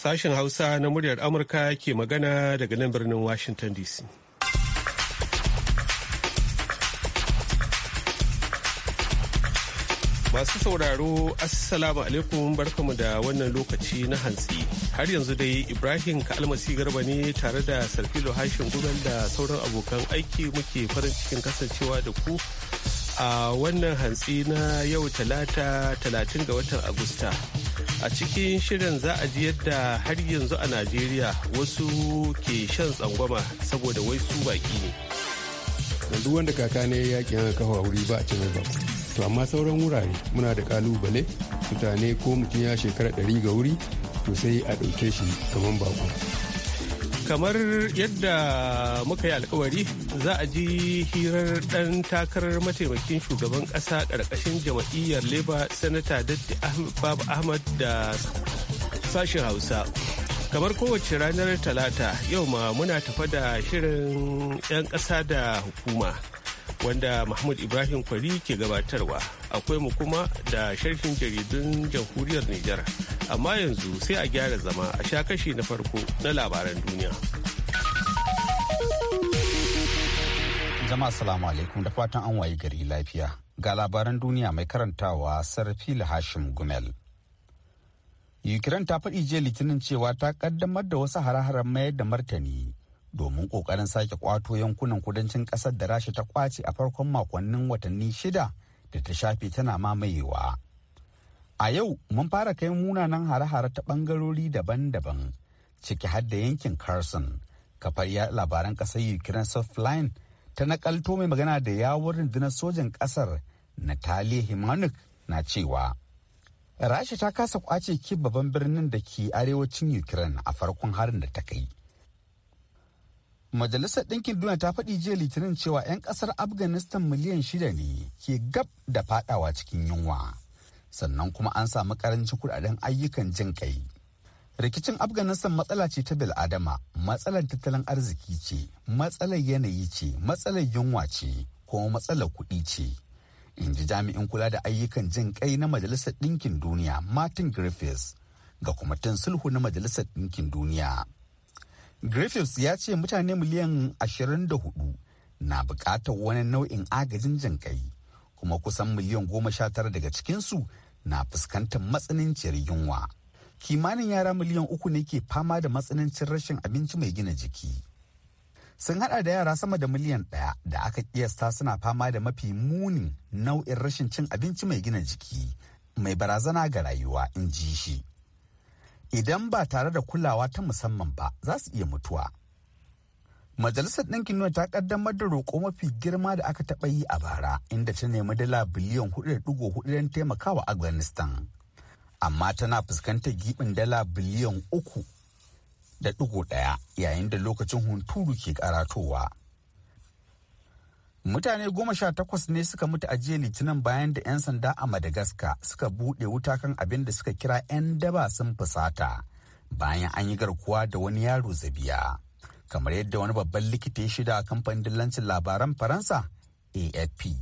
Sashen Hausa na muryar Amurka ke magana daga nan birnin Washington DC. Masu sauraro, Assalamu alaikum barkamu da wannan lokaci na hantsi. Har yanzu dai Ibrahim Kalmasi Garba ne tare da Sarfilo Hashin gudan da sauran abokan aiki muke farin cikin kasancewa da ku a wannan hantsi na yau talata talatin ga watan agusta a cikin shirin za a ji yadda har yanzu a najeriya wasu ke shan tsangwama saboda wai su baki ne yanzu wanda kaka ne yaƙi haka kafa wuri ba a ci ba to amma sauran wurare muna da kalubale mutane ko mutum ya shekara ɗari ga wuri to sai a ɗauke shi kamar bako kamar yadda muka yi alkawari za a ji hirar ɗan takarar mataimakin shugaban ƙasa ƙarƙashin jama'iyyar leba sanata datti babu ahmad da sashen hausa kamar kowace ranar talata yau ma muna tafa da shirin 'yan ƙasa da hukuma wanda mahmud ibrahim kwari ke gabatarwa akwai mu kuma da sharhin jaridun jamhuriyar Nijar. Amma yanzu sai a gyara zama a sha kashi na farko na labaran duniya. Jama'a salamu alaikum da fatan an wayi gari lafiya. Ga labaran duniya mai karantawa Sarfi Hashim Gumel. Ukraine ta faɗi jiya litinin cewa ta kaddamar da wasu hare-haren mayar da martani domin ƙoƙarin sake ƙwato yankunan kudancin ƙasar da rasha ta kwace a farkon makonnin watanni shida da ta shafe tana mamayewa. A yau mun fara kai munanan hare-hare ta bangarori daban-daban ciki har da yankin Carson, kafar ya labaran kasar Ukraine Softline ta nakalto mai magana da yawon rundunar sojan kasar Natalia Himanuk na cewa. Rasha ta kasa kwace kibaban birnin da ke arewacin Ukraine a farkon harin da ta kai. Majalisar Ɗinkin Duniya ta faɗi jiya Litinin cewa 'yan ƙasar Afghanistan miliyan shida ne ke gab da faɗawa cikin yunwa. Sannan kuma an samu ƙarancin kuɗaɗen ayyukan jin ƙai. Rikicin Afghanistan matsala ce ta bil'adama, matsalar tattalin arziki ce, matsalar yanayi ce, matsalar yunwa ce, kuma matsalar kuɗi ce. In ji jami'in kula da ayyukan jin ƙai na Majalisar Ɗinkin Duniya Martin Griffiths ga kwamitin sulhu na Majalisar Ɗinkin Duniya. griffiths ya ce mutane miliyan 24 na bukatar wani nau'in agajin jinkai kuma kusan miliyan 19 daga cikinsu na fuskantar matsananciyar yunwa kimanin yara miliyan uku ne ke fama da matsanancin rashin abinci mai gina jiki sun hada da yara sama da miliyan ɗaya da aka kiyasta suna fama da mafi munin nau'in rashin cin abinci mai gina jiki mai barazana ga rayuwa in ji shi idan ba tare da kulawa ta musamman ba za su iya mutuwa. Majalisar Ɗinkin Nuna ta ƙaddamar da roƙo mafi girma da aka taɓa yi a bara inda ta nemi dala biliyan 4.4 don taimakawa Afghanistan. Amma tana fuskantar gibin dala biliyan ɗaya. yayin da lokacin hunturu ke karatowa. Mutane goma sha takwas ne suka mutu a jiya litinin bayan da 'yan sanda a Madagascar suka buɗe wuta kan abin da suka kira 'yan daba sun fusata bayan an yi garkuwa da wani yaro zabiya. Kamar yadda wani babban likita ya shida a kamfanin dillancin labaran Faransa AFP.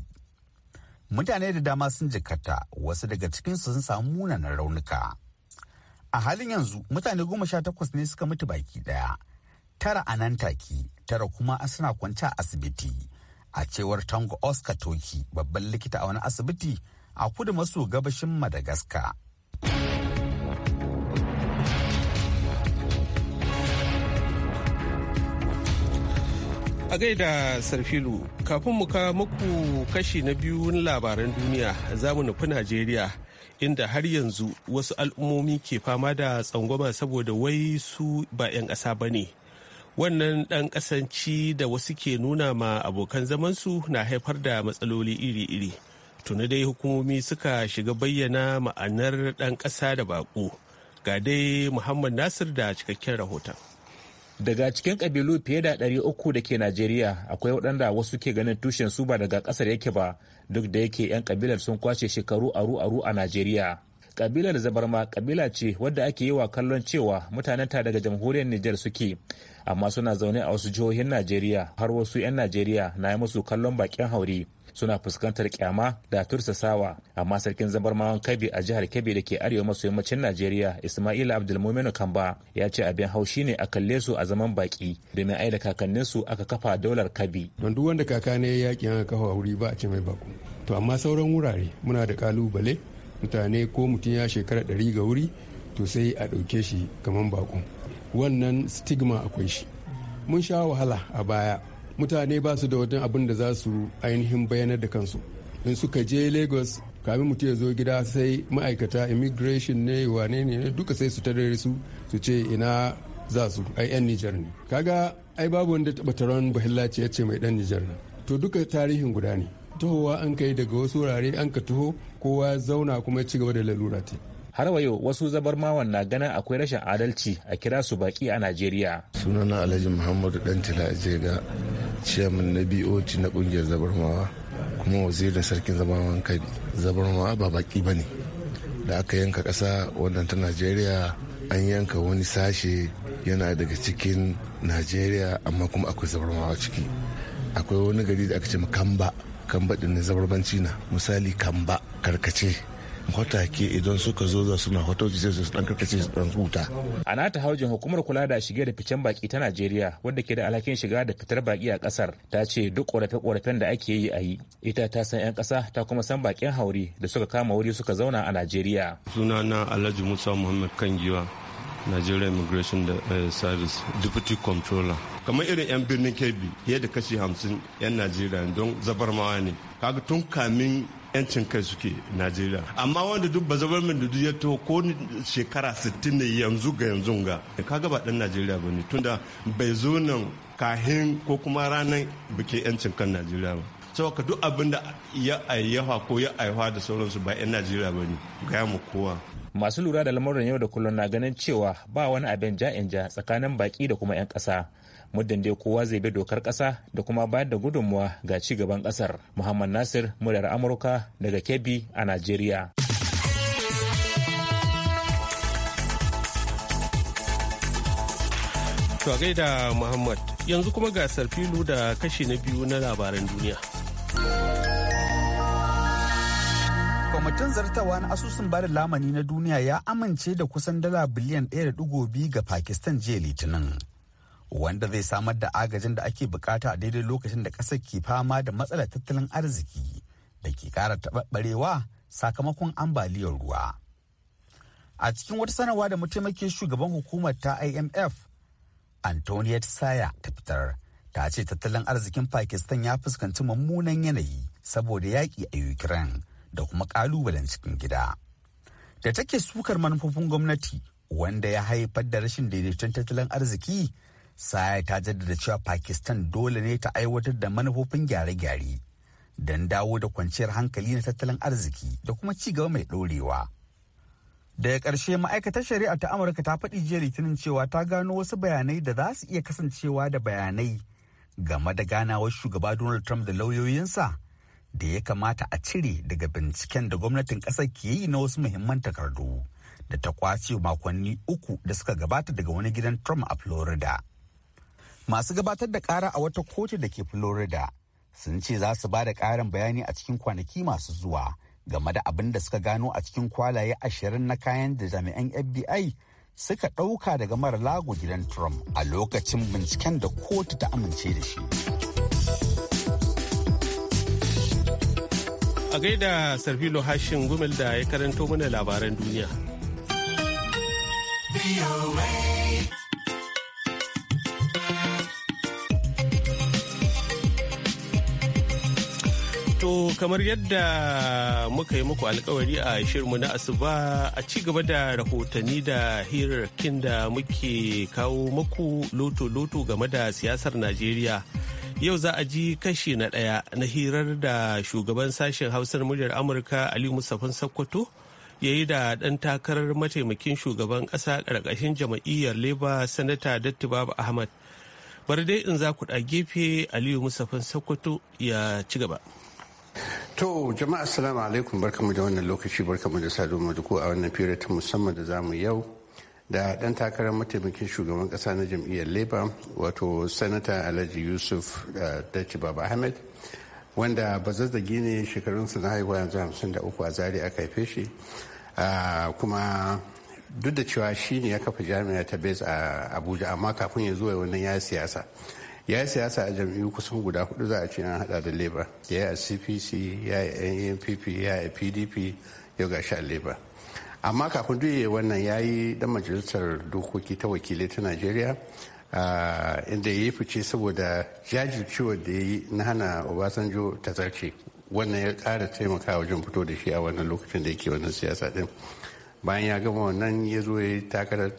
Mutane da dama sun jikata wasu daga cikinsu sun samu munanan raunuka. A halin yanzu mutane goma sha takwas ne suka mutu baki ɗaya. Tara a nan take, tara kuma suna kwance a asibiti. a cewar tango oscar toki babban likita a wani asibiti a kudu maso gabashin madagascar A gaida Sarfilu, kafin mu kawo muku kashi na biyu na labaran duniya za mu nufi Najeriya inda har yanzu wasu al'ummomi ke fama da tsangwama saboda wai su ba 'yan ƙasa ba ne. wannan ɗan kasanci da wasu ke nuna ma abokan zamansu na haifar da matsaloli iri-iri tuni dai hukumomi suka shiga bayyana ma'anar ɗan ƙasa da baƙo ga dai muhammad nasir da cikakken rahoton daga cikin kabilu fiye da 300 da ke najeriya akwai waɗanda wasu ke ganin tushen su ba daga ƙasar yake ba duk da yake 'yan kabilar sun kwace shekaru aru aru a najeriya kabilar zabarma kabila ce wadda ake yi wa kallon cewa mutanen mutanenta daga jamhuriyar Nijar suke amma suna zaune a wasu jihohin Najeriya har wasu 'yan Najeriya na yi musu kallon bakin haure suna fuskantar kyama da tursasawa amma sarkin zabarmawan kabi a jihar kebbi da ke arewa maso yammacin najeriya ismaila abdulmuminu kamba ya ce abin haushi ne a kalle su a zaman baki domin ai da kakannin su aka kafa daular kabi don duk wanda kaka ne ya yakin aka kafa wuri ba a ce mai bako to amma sauran wurare muna da kalubale mutane ko mutum ya shekara ɗari ga wuri to sai a ɗauke shi kamar baƙo. wannan stigma akwai shi mun sha wahala a baya mutane ba su da wajen abin da za su ainihin bayanar da kansu in suka je lagos kamin mutum ya zo gida sai ma'aikata immigration ne wane ne duka sai su tare su su ce ina za su ai yan nijar ne kaga ai babu wanda taba taron bahillaci ya ce mai dan nijar ne to duka tarihin guda ne tuhowa an kai daga wasu wurare an ka tuho kowa zauna kuma ci gaba da lalura ta har wayo wasu zabarmawan na ganin akwai rashin adalci a kira su baki a najeriya sunana alhaji muhammadu dan tila ajega ciyaman na bot na kungiyar zabarmawa kuma wazirin sarkin zabarmawan kadi zabarmawa ba baki ba ne da aka yanka kasa wannan ta najeriya an yanka wani sashe yana daga cikin najeriya amma kuma akwai zabarmawa ciki akwai wani gari da aka ce kamba. kan ne na zabarbanci na misali kan ba karkace ke idan suka zo za suna hoto sai su dan karkace su dan huta a nata haujin hukumar kula da shige da ficen baki ta Najeriya wadda ke da alhakin shiga da fitar baki a kasar ta ce duk korafe-korafen da ake yi a yi ita ta san yan kasa ta kuma san bakin hauri da suka kama wuri suka zauna a Najeriya na Alhaji Musa Muhammad Kangiwa Nigeria Immigration eh, Service Deputy Controller kamar irin 'yan birnin kebbi da kashi hamsin 'yan najeriya don zabarmawa ne kaga tun kamin yancin kai suke najeriya amma wanda duk bazabar min dudu ya taho ko shekara 60 ne yanzu ga yanzu ga kaga ba dan najeriya ba ne tunda bai zo nan kahin ko kuma ranar bikin yancin kan najeriya ba ka duk abin da ya ayyafa ko ya aihuwa da sauransu ba 'yan najeriya ba ne gaya mu kowa masu lura da lamarin yau da kullum na ganin cewa ba wani abin ja'in ja tsakanin baki da kuma 'yan kasa. muddin dai kowa zai bi dokar kasa da kuma bayar da gudunmuwa ga ci gaban ƙasar muhammad nasir muryar amurka daga kebbi a najeriya To gaida Muhammad yanzu kuma gasar filu da kashi na biyu na labaran duniya. Kwamitin zartawa na asusun bada lamani na duniya ya amince da kusan dala biliyan 1.2 ga Pakistan jiya Litinin. wanda zai samar da agajin da ake bukata a daidai lokacin da ƙasar ke fama da matsalar tattalin arziki da ke ƙara taɓaɓɓarewa sakamakon ambaliyar ruwa. A cikin wata sanarwa da mataimakin shugaban hukumar ta IMF, antonio Saya ta fitar, ta ce tattalin arzikin Pakistan ya fuskanci mummunan yanayi saboda yaƙi a Ukraine da kuma ƙalubalen cikin gida. Da take sukar manufofin gwamnati wanda ya haifar da rashin daidaiton tattalin arziki sai ta jaddada cewa Pakistan dole ne ta aiwatar da manufofin gyare-gyare don dawo da kwanciyar hankali na tattalin arziki da kuma ci gaba mai ɗorewa. Daga ƙarshe ma'aikatar shari'a ta Amurka ta faɗi jiya litinin cewa ta gano wasu bayanai da za su iya kasancewa da bayanai game da ganawar shugaba Donald Trump da lauyoyinsa da ya kamata a cire daga binciken da gwamnatin ƙasar ke yi na wasu muhimman takardu da ta kwace makonni uku da suka gabata daga wani gidan Trump a Florida. masu gabatar da kara a wata kotu da ke florida sun ce za su ba da karin bayani a cikin kwanaki masu zuwa game da abin da suka gano a cikin kwalaye ashirin na kayan da jami'an fbi suka ɗauka daga mara lago gidan trump a lokacin binciken da kotu ta amince da shi a gaida sarfilo hashin gumel da ya karanto mana labaran duniya. To kamar yadda muka yi muku alkawari a shirinmu na asuba a ci gaba da rahotanni da hirarkin da muke kawo muku loto-loto game da siyasar Najeriya. Yau za a ji kashi na ɗaya na hirar da shugaban sashen hausar muryar Amurka Ali musafin Sokoto ya yi da ɗan takarar mataimakin shugaban ƙasa ƙarƙashin jama'iyyar Leba Sanata Dattibaba Ahmad. Bari dai in za ku ɗa gefe Aliyu musafin Sokoto ya ci gaba. To jama'a assalamu alaikum barkamu da wannan lokaci barkamu da sadu duku a wannan fira ta musamman da zamu yau da dan takarar mataimakin shugaban kasa na jam'iyyar Labour wato Sanata Alhaji Yusuf eh, Dachi Baba Ahmed wanda ba bazazzagi ne shekarunsa na haihuwa yanzu hamsin da uku a zari aka haife shi ah, kuma duk da cewa shi ne ya kafa jami'a ta base a abuja amma kafin ya zo wannan ya siyasa ya yi siyasa a jam'iyyu kusan guda hudu za a ce an hada da labour ya yi a cpc ya yi npp ya yi pdp ya shi a labour amma kafin duk wannan ya yi dan majalisar dokoki ta wakilai ta najeriya inda ya yi fice saboda jajircewa da ya yi na hana obasanjo ta zarce wannan ya kara taimaka wajen fito da shi a wannan lokacin da yake wannan siyasa din bayan ya gama wannan ya zo ya takara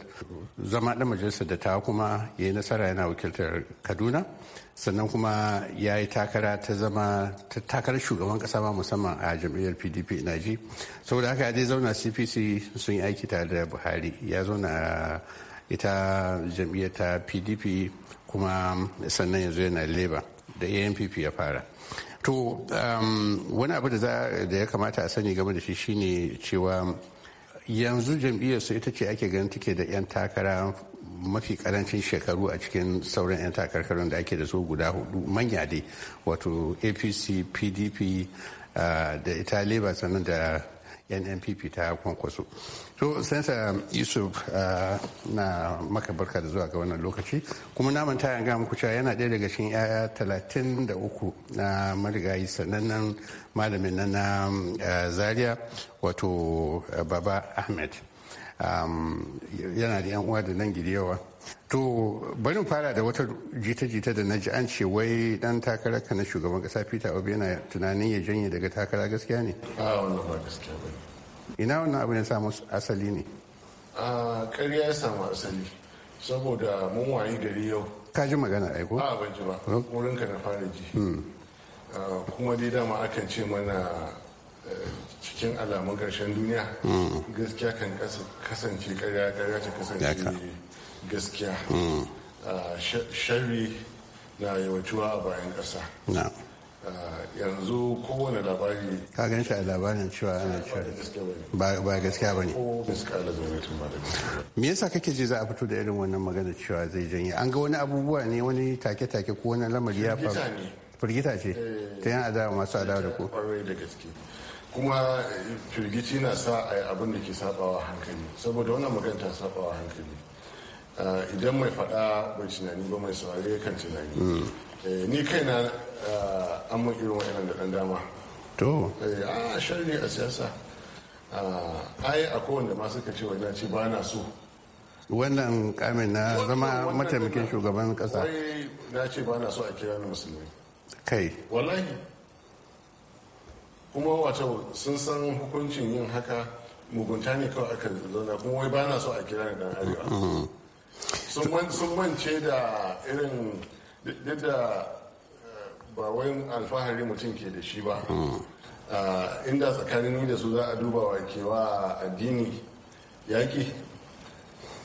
zama ɗan majalisar da ta kuma ya yi nasara yana wakiltar kaduna sannan kuma ya yi takara ta zama ta takarar shugaban kasa ma musamman a jam'iyyar pdp na ji saboda haka ya dai zauna cpc sun yi aiki tare da buhari ya zauna ita jam'iyyar ta pdp kuma sannan yanzu yana leba da ampp ya fara to um, wani abu da ya kamata a sani game da shi shine cewa yanzu jam'iyyar su ita ce ake ganin take da 'yan takara mafi karancin shekaru a cikin sauran 'yan takarkarun da ake da su guda hudu manya dai wato apc pdp ah, da ita labour sannan da nnpp ta kwankwaso to sansa yusuf ah, na maka barka da zuwa ga wannan lokaci kuma naman ta yanga muku cewa yana ɗaya daga cikin yaya talatin da uku na marigayi sanannen malamin na na ah, zaria wato ah, baba ahmed yana da yan uwa da nan gidi yawa To bari fara da wata jita-jita da na ji an ce wai dan takarar ka na shugaban kasa Peter Obi yana tunanin ya janye daga takara gaskiya ne? A wannan ba gaskiya ba Ina wannan abu ne samu asali ne? A ƙarya ya samu asali saboda mun wayi gari yau. Ka ji magana aiko? A ban ji ba. Wurin ka na fara ji. Hmm. Kuma dai dama akan ce mana eh, cikin alamun ƙarshen duniya hmm. gaskiya kan kasance ƙarya ƙarya ce kasance gaskiya mm. ah, sharri na yawancuwa a bayan ƙasa ah, yanzu kowane labari ka gan shi a labarin cewa ana cewa ba gaskiya ba ne me yasa kake ji za a fito da irin wannan magana cewa zai janye an ga wani abubuwa ne wani take-take ko wani lamari ya faru firgita ce eh. ta yan adawa masu adawa da ku. kuma eh, firgici na sa a yi abin da ke sabawa hankali saboda wannan magana ta sabawa hankali Eh, idan mai faɗa bai tunani ba mai saurare kan tunani eh, ni kaina eh, an mun irin wa'annan da ɗan dama to a sharri a siyasa ai a kowanne ma suka ce wajen ce ba na so wannan kamin na zama mataimakin shugaban kasa na ce ba na so a kira ni musulmi kai wallahi kuma wato sun san hukuncin yin haka mugunta ne kawai aka zauna kuma wai ba na so a kira ni dan arewa mm-hmm. sun mance da irin da eh, ba wai alfahari mutum ke da shi ba hmm. eh, inda tsakanin da su za a duba wa kewa addini yaƙi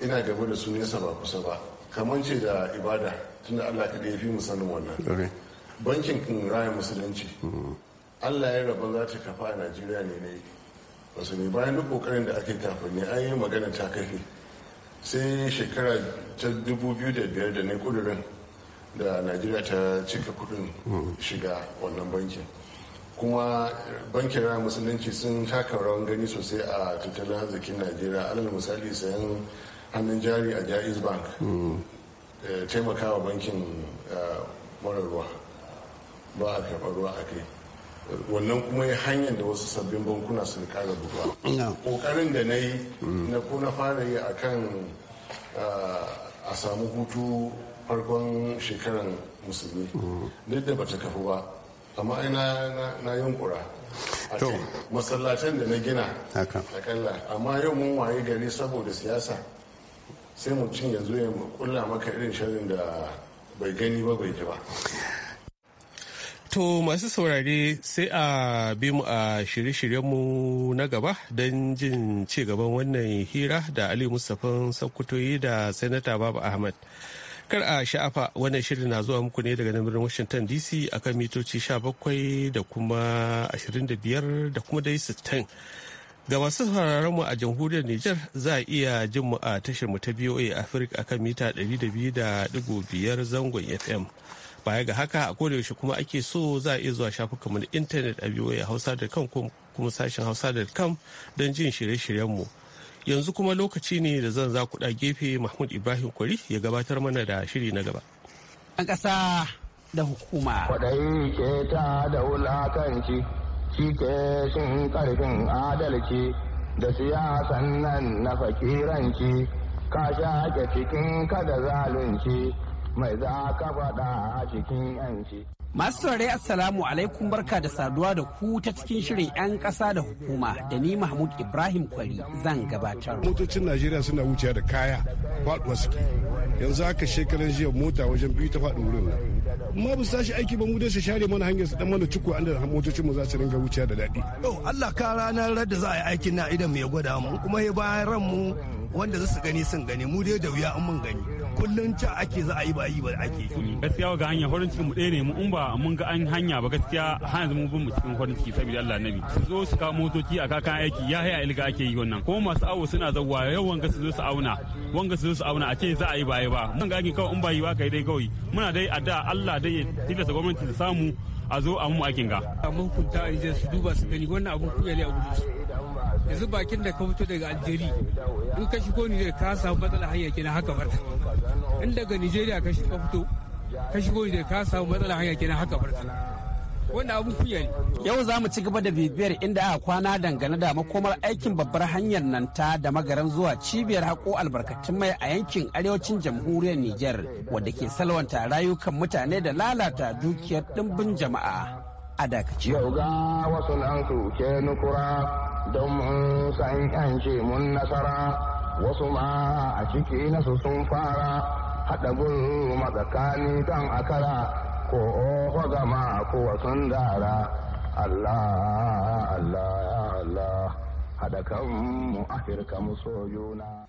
ina gaba da su nesa ba kusa ba kamar ce da ibada tunda allah ka ya fi sanin wannan bankin kan raya musulunci hmm. allah ya raba za ta kafa a najeriya ne na yi wasu ne bayan duk kokarin da ake kafin ne an yi magana ta kafi sai shekara ta 2005 da na kudurin da najeriya ta cika kudin shiga wannan banki kuma bankin raya musulunci sun taka rawan gani sosai a tattalin arzikin najeriya alal misali sayan hannun jari a jaiz bank eh, taimakawa bankin eh, mara ruwa ba a karɓar ruwa a kai wannan kuma ya hanyar da wasu sabbin bankuna sun kara buga kokarin da na yi mm. na ko fara yi a kan a samu hutu farkon shekaran musulmi mm. duk da bata kafu ba amma ina na yankura ce masallacin da na gina akalla amma yau mun waye gari saboda siyasa sai mu cin yanzu ya kulla maka irin shirin da bai gani ba bai ji ba To masu saurare sai a bi mu a shirye-shiryenmu na gaba don jin ci gaban wannan hira da Ali Mustapha Sakkutoyi da Sanata babu Ahmad. Kar a sha'afa wannan shirin na zuwa muku ne daga nan birnin Washington DC akan mitoci 17 da kuma 25 da kuma dai 60. Ga masu sauraron mu a jamhuriyar Nijar za a iya jin mu a tashar mu ta BOA Africa akan mita 200.5 zangon FM. baya ga haka a kodayaushe kuma ake so za a iya zuwa shafin na intanet a hausa da kan kuma sashen hausa da kan don jin shirye shiryen mu yanzu kuma lokaci ne da zan za kuɗa gefe mahmud ibrahim kwari ya gabatar mana da shiri na gaba a ƙasa da hukuma kwaɗayi ke ta da wulakanci shi ke ƙarfin adalci da siyasan nan na fakiranci ka shaƙe cikin kada zalunci mai za kafa da a cikin yanci. Masu saurari Assalamu alaikum barka da saduwa da ku ta cikin shirin 'yan ƙasa da hukuma da ni Mahmud Ibrahim Kwari zan gabatar. Motocin Najeriya suna wuce da kaya faɗuwa suke. Yanzu haka shekaran jiya mota wajen biyu ta faɗi wurin nan. Amma bu sashi aiki ba mu dai su share mana hanyar su dan mana ciko an da motocin mu za su ringa wuce da daɗi. Yau Allah ka ranar da za a yi aikin na idan mu ya gwada mu kuma ya bayar ran mu wanda za su gani sun gani mu dai da wuya an mun gani. kullun ca ake za a yi ba yi ba ake gaskiya ga hanya horin cikin mu ɗaya ne mu in ba mun ga an hanya ba gaskiya har yanzu mun bin mu cikin horin ciki saboda Allah nabi su zo su kawo motoci a kakan aiki ya haya ilga ake yi wannan ko masu awo suna zawwa yau wanga su zo su auna wanga su zo su auna a ce za a yi ba yi ba mun ga kawai in ba yi ba kai dai kawai muna dai a da Allah dai ya tilasta gwamnati ta samu a zo a mu akin ga. ta a su duba su gani wannan abun kuyali a gudu yanzu bakin da ka fito daga aljeri in ka shigo nijar ka samu matsala hanya kenan haka barta in daga nijeriya ka shiga fito ka shigo nijar ka samu matsala hanya kenan haka barta wanda abu kunya ne yau za mu ci gaba da bibiyar inda aka kwana dangane da makomar aikin babbar hanyar nan ta da magaran zuwa cibiyar haƙo albarkatun mai a yankin arewacin jamhuriyar nijar wadda ke salwanta rayukan mutane da lalata dukiyar dimbin jama'a a dakace yau ga wasu nan su ke nukura don mun san ce mun nasara wasu ma a ciki nasu sun fara haɗa gulu matsakani kan akara ko oho gama ko wasun dara Allah Allah Allah haɗa kanmu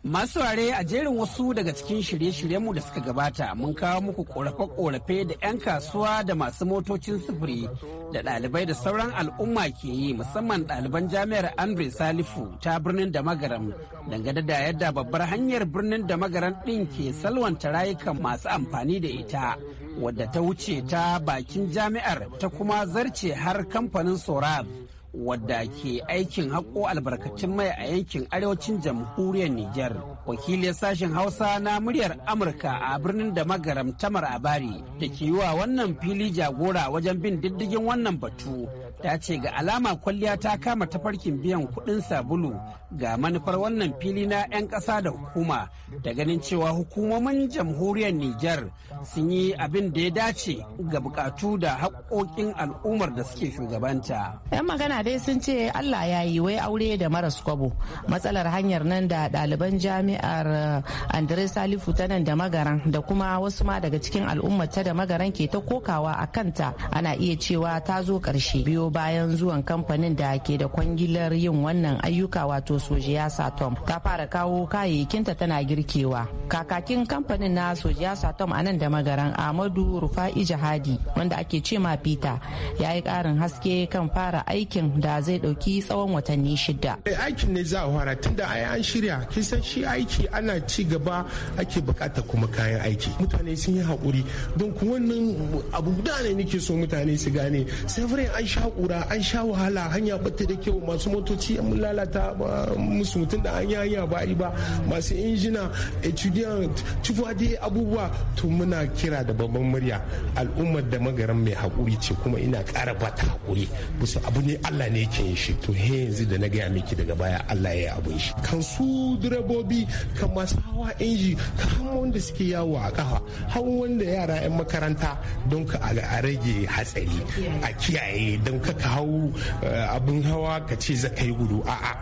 Masu ware a jerin wasu daga cikin shirye-shiryenmu da suka gabata mun kawo muku ƙorafe korafe da 'yan kasuwa da masu motocin sufuri da ɗalibai da sauran al'umma ke yi musamman ɗaliban jami'ar Andre Salifu ta birnin da magaram dangane da yadda babbar hanyar birnin da magaram ɗin ke salwanta rayukan masu amfani da ita wadda ta wuce ta bakin jami'ar ta kuma zarce har kamfanin Sorab. wadda ke aikin haƙo albarkacin mai a yankin arewacin jamhuriyar Nijar. Wakilin sashen Hausa na muryar Amurka a birnin da magaram Tamar Abari da ke yi wa wannan fili jagora wajen bin diddigin wannan batu ya ce ga alama kwalliya ta kama ta farkin biyan kudin sabulu ga manufar wannan fili na 'yan kasa da hukuma da ganin cewa hukumomin jamhuriyar niger sun yi abin da ya dace ga bukatu da haƙoƙin al'ummar da suke shugabanta. 'Yan magana dai sun ce Allah ya yi wai aure da maras kwabo matsalar hanyar nan da ɗaliban jami'ar eh, andre Salifu ta nan da magaran da kuma wasu ma daga cikin al'ummar ta da magaran ke ta kokawa a kanta ana iya cewa ta zo ƙarshe biyo bayan zuwan kamfanin da ke da kwangilar yin wannan ayyuka wato sojiya satom ta fara kawo kayayyakinta tana girkewa kakakin kamfanin na sojiya satom a nan da magaran amadu rufa'i jihadi wanda ake ce ma peter ya yi karin haske kan fara aikin da zai dauki tsawon watanni shida eh, aikin ne za a fara tunda ai an shirya kisan shi aiki ana ci gaba ake bukata kuma kayan aiki mutane sun yi hakuri don ku wannan abu da ne nake so mutane su gane sai an sha na'ura an sha wahala hanya bata da kyau masu motoci an lalata musu mutum da an hanya ba yi ba masu injina etudiant cifuwa dai abubuwa to muna kira da babban murya al'ummar da magaran mai hakuri ce kuma ina ƙara bata haƙuri bisa abu ne Allah ne yake shi to he yanzu da na gaya miki daga baya Allah ya yi abin shi kan su direbobi kan masu hawa inji kan da suke yawo a kafa hawan wanda yara 'yan makaranta don ka a rage hatsari a kiyaye don ka hau eh, abin hawa ka ce za ka yi gudu a'a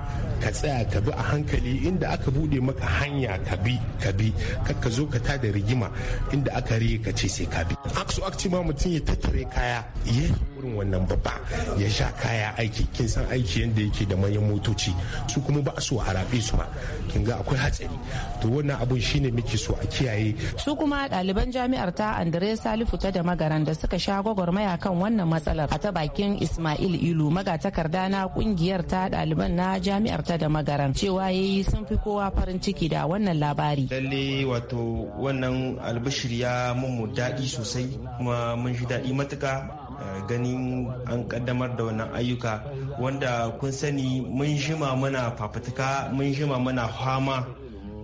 ka tsaya ka bi a hankali inda aka bude maka hanya ka bi ka bi ka zo ka tada rigima inda aka rige ka ce sai ka bi aksu akci ma mutum ya tattare kaya ya irin wannan babba ya sha kaya aiki kin san aiki yadda yake da manyan motoci su kuma ba so a rabe su ba kin ga akwai hatsari to wannan abun shine muke so a kiyaye su kuma ɗaliban jami'ar ta Andre Salifu ta da magaran da suka sha gwagwarmaya kan wannan matsalar a ta bakin Ismail Ilu magatakarda na kungiyar ta ɗaliban na jami'ar ta da magaran cewa yayi sun fi kowa farin ciki da wannan labari lalle wato wannan albishir ya mummu daɗi sosai kuma mun shi daɗi matuka Eh, ganin an kaddamar da wannan ayyuka wanda kun sani mun jima muna fafutuka mun jima mana fama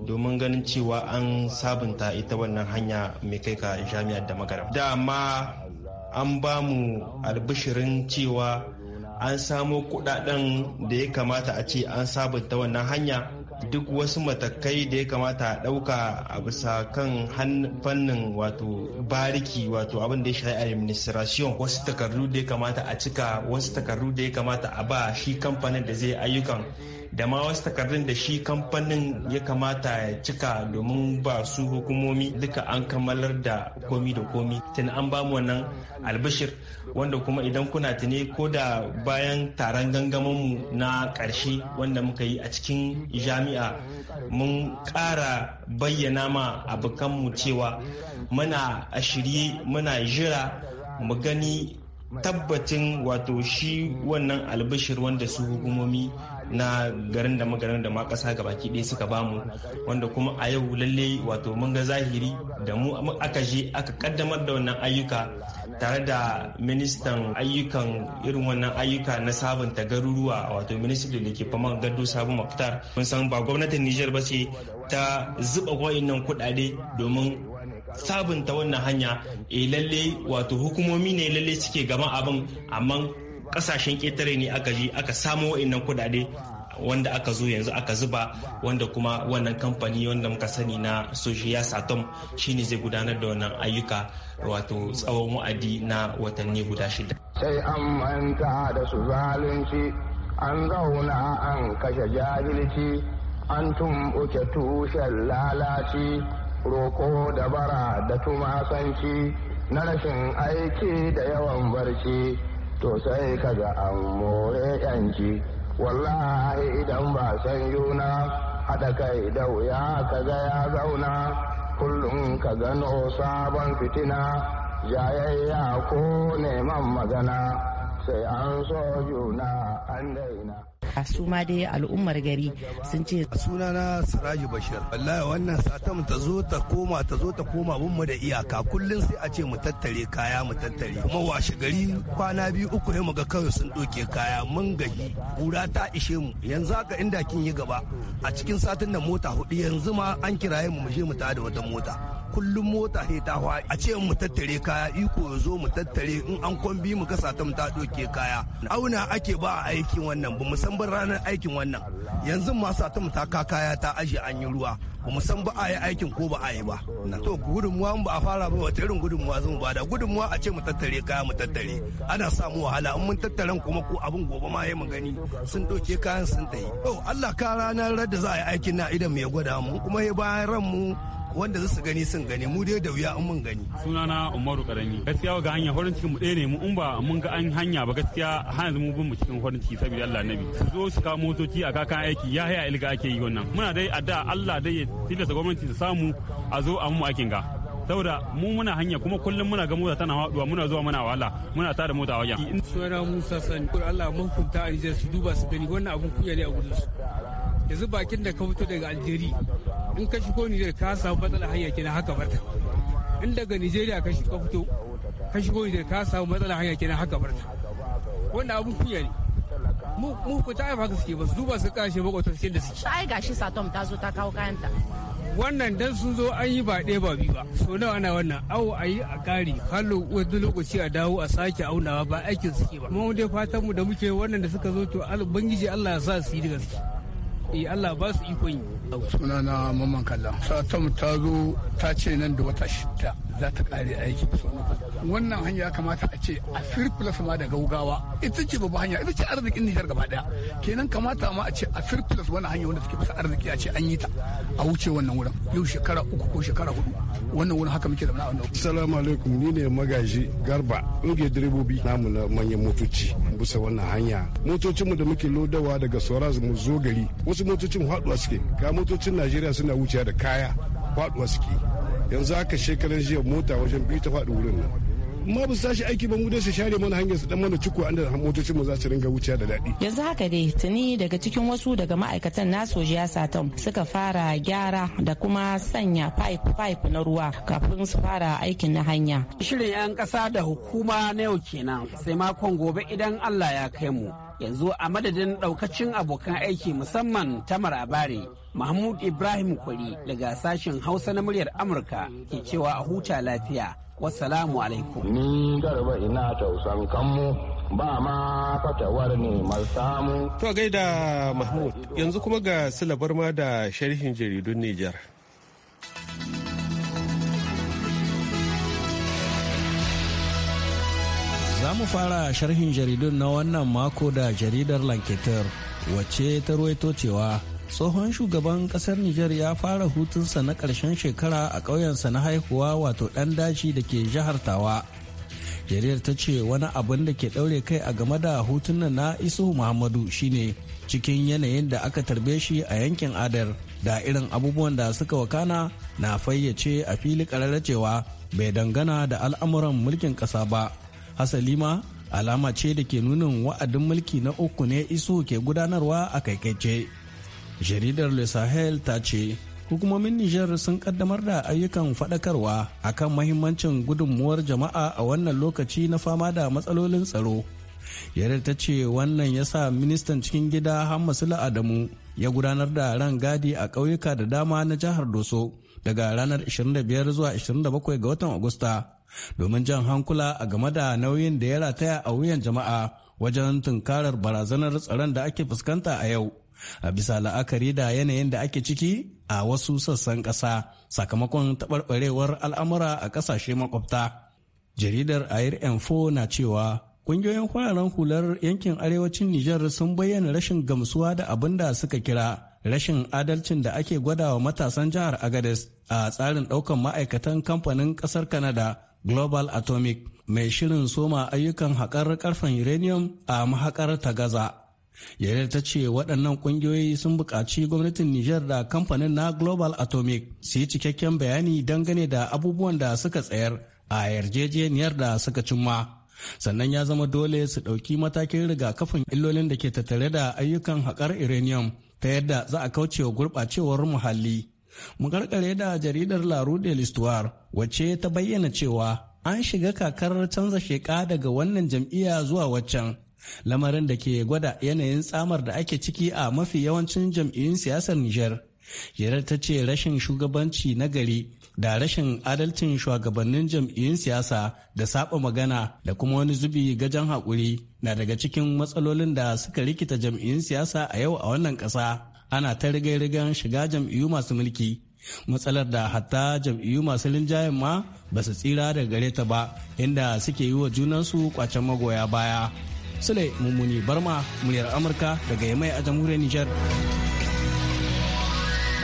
domin ganin cewa an sabunta ita wannan hanya mai kai ka jami'ar da Da dama an ba mu albishirin cewa an samo kudaden da ya kamata a ce an sabunta wannan hanya duk wasu matakai da ya kamata a ɗauka a bisa kan fannin wato bariki wato abin da ya shafi administration wasu takardu da ya kamata a cika wasu takardu da ya kamata a ba shi kamfanin da zai ayyukan da ma wasu takardun da shi kamfanin ya kamata ya cika domin ba su hukumomi duka an kammalar da komi da komi tun an ba mu wannan albishir wanda kuma idan kuna tuni ko da bayan taron gangaminmu na karshe wanda muka yi a cikin jami'a mun ƙara bayyana ma abokanmu cewa muna a shirye muna jira mu gani tabbacin wato shi wannan albishir wanda su hukumomi na garin da magarin da ma ƙasa gabaki ɗaya suka bamu wanda kuma a yau lalle wato mun ga zahiri da mu aka je aka kaddamar da wannan ayyuka tare da ministan ayyukan irin wannan ayyuka na sabunta garuruwa wato ministan da ke fama gado sabon maktar mun san ba gwamnatin Nijar ba ce ta zuba waannan kuɗaɗe domin sabunta wannan hanya e lalle wato hukumomi ne lalle suke gama abin amma kasashen ketare ne aka ji aka samo wa'annan kudade wanda aka zo yanzu aka zuba wanda kuma wannan kamfani wanda muka sani na sojiya satom shine zai gudanar da wannan ayyuka wato tsawon wa'adi na watanni guda shida sai an manta da su zalunci an zauna an kashe jahilci an tumɓuke tushen lalaci roko da bara da tumasanci na rashin aiki da yawan barci to sai kaga an more yanci wallahi idan ba san yuna haɗa kai da wuya kaga ya zauna kullum ka gano sabon fitina jayayya ko neman magana sai an so juna an dai a suma dai al'ummar gari sun ce sunana siraji bashir wallahi wannan satam ta zo ta koma ta zo ta koma bin mu da iyaka kullun sai a ce mu tattare kaya mu tattare kuma washe gari kwana biyu uku ne mu ga kawai sun doke kaya mun gaji kura ta ishe mu yanzu haka inda kin yi gaba a cikin satin da mota hudu yanzu ma an kiraye mu mu je mu tada wata mota kullum mota sai ta hwa a ce mu tattare kaya iko ya zo mu tattare in an kwambi mu ga mu ta doke kaya auna ake ba a aikin wannan ba mu san bar ranar aikin wannan yanzu masu ta mu ta kaya ta aje an yi ruwa ba mu san ba a yi aikin ko ba a yi ba na to gudunmuwa ba a fara ba wata irin gudunmuwa zan ba da gudunmuwa a ce mu tattare kaya mu tattare ana samu wahala in mun tattaran kuma ko abin gobe ma ya mu gani sun doke kayan sun tayi to Allah ka ranar da za a yi aikin na idan mu ya gwada mu kuma ya bayan ran mu wanda za su gani sun gani mu dai da wuya an mun gani sunana umaru karami gaskiya ga hanya farin cikin mu ɗaya ne mu in ba mun ga an hanya ba gaskiya hanya mu bin mu cikin farin ciki saboda Allah nabi su zo su kawo motoci a kakan aiki ya haya ilga ake yi wannan muna dai adda Allah dai ya tilasta gwamnati ta samu a zo a mu aikin ga saboda mu muna hanya kuma kullum muna ga mota tana haɗuwa muna zuwa muna wahala muna tada mota a wajen suna Musa Sani Allah kunta a Nijar su duba su gani wannan abun kuya ne a gurin su yanzu bakin da ka fito daga Algeria in ka shigo Nijar ka samu matsalar hanya kenan haka barta in daga Nijeriya ka shiga fito ka shigo Nijar ka samu matsalar hanya kenan haka barta wannan abun kunya ne mu ku ta haka suke ba su duba su kashe makwatan sai da suke ai gashi satom ta zo ta kawo kayanta wannan dan sun zo an yi ba ɗaya ba biyu ba so nawa ana wannan awo a yi a kari hallo wani lokaci a dawo a sake aunawa ba aikin suke ba mu dai fatan mu da muke wannan da suka zo to bangiji Allah ya sa su yi gaske eh Allah ba su ikon yi sunana mamman kallon satam ta zo ta ce nan da wata shida za ta kare aiki bisa wannan hanya ya kamata a ce a surplus ma da gaugawa ita ce babu hanya ita ce arzikin nijar gaba daya kenan kamata ma a ce a surplus wannan hanya wanda suke fasa arziki a ce an yi ta a wuce wannan wurin yau shekara uku ko shekara hudu wannan wurin haka muke zama a wannan assalamu alaikum ni ne magaji garba inge direbobi namu na manyan motoci bisa wannan hanya motocin mu da muke lodawa daga soraz mu zo gari wasu motocin haɗuwa suke ga motocin najeriya suna wucewa da kaya faɗuwa suke yanzu aka shekaran jiya mota wajen biyu ta faɗi wurin nan ma ba su aiki ba mu dai su share mana hanyar su dan mana ciko an da motocin mu za su ringa wuciya da daɗi yanzu haka dai tuni daga cikin wasu daga ma'aikatan na sojiya suka fara gyara da kuma sanya pipe pipe na ruwa kafin su fara aikin na hanya shirin 'yan ƙasa da hukuma na yau kenan sai makon gobe idan Allah ya kai mu yanzu a madadin daukacin abokan aiki musamman ta marabare mahmud ibrahim kwari daga sashen hausa na muryar amurka ke cewa a huta lafiya Wassalamu alaikum. Ni garba ina tausan kanmu ba ma fatawar ne samu. To gaida Mahmud yanzu kuma ga silabar ma da sharhin jaridun Nijar. Za mu fara sharhin jaridun na wannan mako da jaridar lanketar wacce ta ruwaito cewa tsohon shugaban kasar Nijar ya fara hutunsa na ƙarshen shekara a ƙauyensa na haihuwa wato ɗan daji da ke jihar Tawa. Jariyar ta ce wani abin da ke ɗaure kai a game da hutunan na Isuhu Muhammadu shine cikin yanayin da aka tarbe shi a yankin Adar da irin abubuwan da suka wakana na fayyace a fili ƙararra cewa bai dangana da al'amuran mulkin ƙasa ba. Hasali ma alama ce da ke nunin wa'adin mulki na uku ne Isuhu ke gudanarwa a kaikaice. jaridar le sahel ta ce hukumomin niger sun kaddamar da ayyukan faɗakarwa akan mahimmancin gudunmuwar jama'a a wannan lokaci na fama da matsalolin tsaro Yadda ta ce wannan ya sa ministan cikin gida hammasula adamu ya gudanar da ran gadi a ƙauyuka da dama na jihar doso daga ranar 25 zuwa 27 ga watan agusta domin jan hankula a game da nauyin da ya rataya a wuyan jama'a wajen tunkarar barazanar tsaron da ake fuskanta a yau a bisa la'akari da yanayin da ake ciki a wasu sassan ƙasa sakamakon taɓarɓarewar al'amura a ƙasashe makwabta. Jaridar Air Info na cewa ƙungiyoyin kwararen hular yankin arewacin Nijar sun bayyana rashin gamsuwa da abin da suka kira rashin adalcin da ake gwadawa matasan jihar Agades a tsarin ɗaukan ma'aikatan kamfanin ƙasar Kanada Global Atomic mai shirin soma ayyukan haƙar ƙarfen uranium a mahaƙar ta Gaza. Yarir ta ce waɗannan ƙungiyoyi sun buƙaci gwamnatin Nijar da kamfanin na Global Atomic su yi cikakken bayani dangane da abubuwan da suka tsayar a yarjejeniyar da suka cimma. Sannan ya zama dole su ɗauki matakin rigakafin illolin da ke tattare da ayyukan haƙar uranium ta yadda za a kauce wa gurɓacewar muhalli. Mu karkare da jaridar La Rue de wacce ta bayyana cewa an shiga kakar canza sheka daga wannan jam'iyya zuwa waccan lamarin da ke gwada yanayin tsamar da ake ciki a mafi yawancin jam'iyyun siyasar Nijar. Jirar ta ce rashin shugabanci na gari da rashin adalcin shugabannin jam'iyyun siyasa da saba magana da kuma wani zubi gajan haƙuri na daga cikin matsalolin da suka rikita jam'iyyun siyasa a yau a wannan ƙasa ana ta rigar-rigar shiga jam'iyyu masu mulki matsalar da hatta jam'iyyu masu linjayen ma ba su tsira da gare ta ba inda suke yi wa junansu kwacen magoya baya Sule Mummuni Barma muryar Amurka daga Yamai a jamhuriyar Nijar.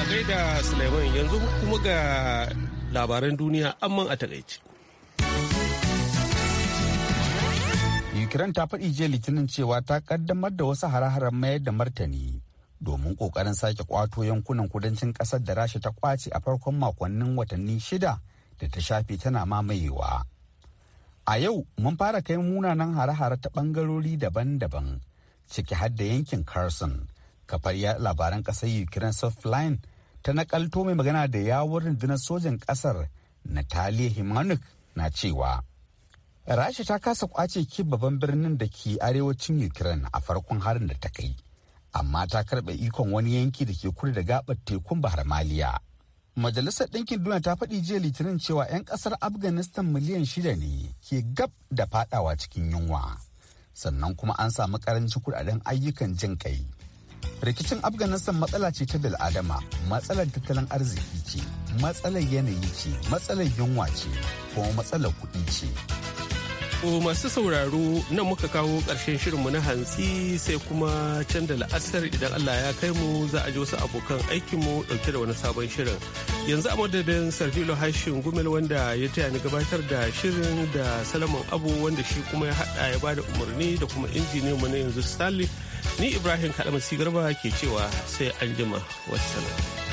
A gaida Suleiman yanzu kuma ga labaran duniya amman a takaici Ukraine ta faɗi jiya litinin cewa ta kaddamar da wasu hare-haren mayar da martani domin kokarin sake kwato yankunan kudancin kasar da rasha ta kwace a farkon makonnin watanni shida da ta shafe tana mamayewa A yau mun fara kai munanan hare-hare ta bangarori daban-daban ciki har da yankin Carson. Kafar ya labaran ƙasar Ukraine Softline ta nakalto mai magana da yawon rundunar sojan ƙasar Natalia Himanuk na cewa. Rasha ta kasa kwace ki babban birnin da ke arewacin Ukraine a farkon harin da ta kai, amma ta karɓe ikon wani yanki da ke kudu da gabar tekun Bahar Maliya. Majalisar Ɗinkin Duniya ta faɗi jiya Litinin cewa 'yan ƙasar Afghanistan miliyan shida ne ke gab da faɗawa cikin yunwa. Sannan kuma an samu ƙarancin kuɗaɗen ayyukan jin kai. Rikicin Afghanistan matsala ce ta bil'adama, matsalar tattalin arziki ce, matsalar yanayi ce, matsalar yunwa ce, kuma matsalar kuɗi ce. ko masu sauraro nan muka kawo ƙarshen shirinmu na hantsi sai kuma can da la'asar idan Allah ya kai mu za a ji wasu abokan mu ɗauke da wani sabon shirin. Yanzu a madadin Sarfilo Hashin Gumel wanda ya taya ni gabatar da shirin da Salaman Abu wanda shi kuma ya haɗa ya bada umarni da kuma injiniyan mu na yanzu Stanley. Ni Ibrahim Kaɗa Garba ke cewa sai an jima. Wassalam.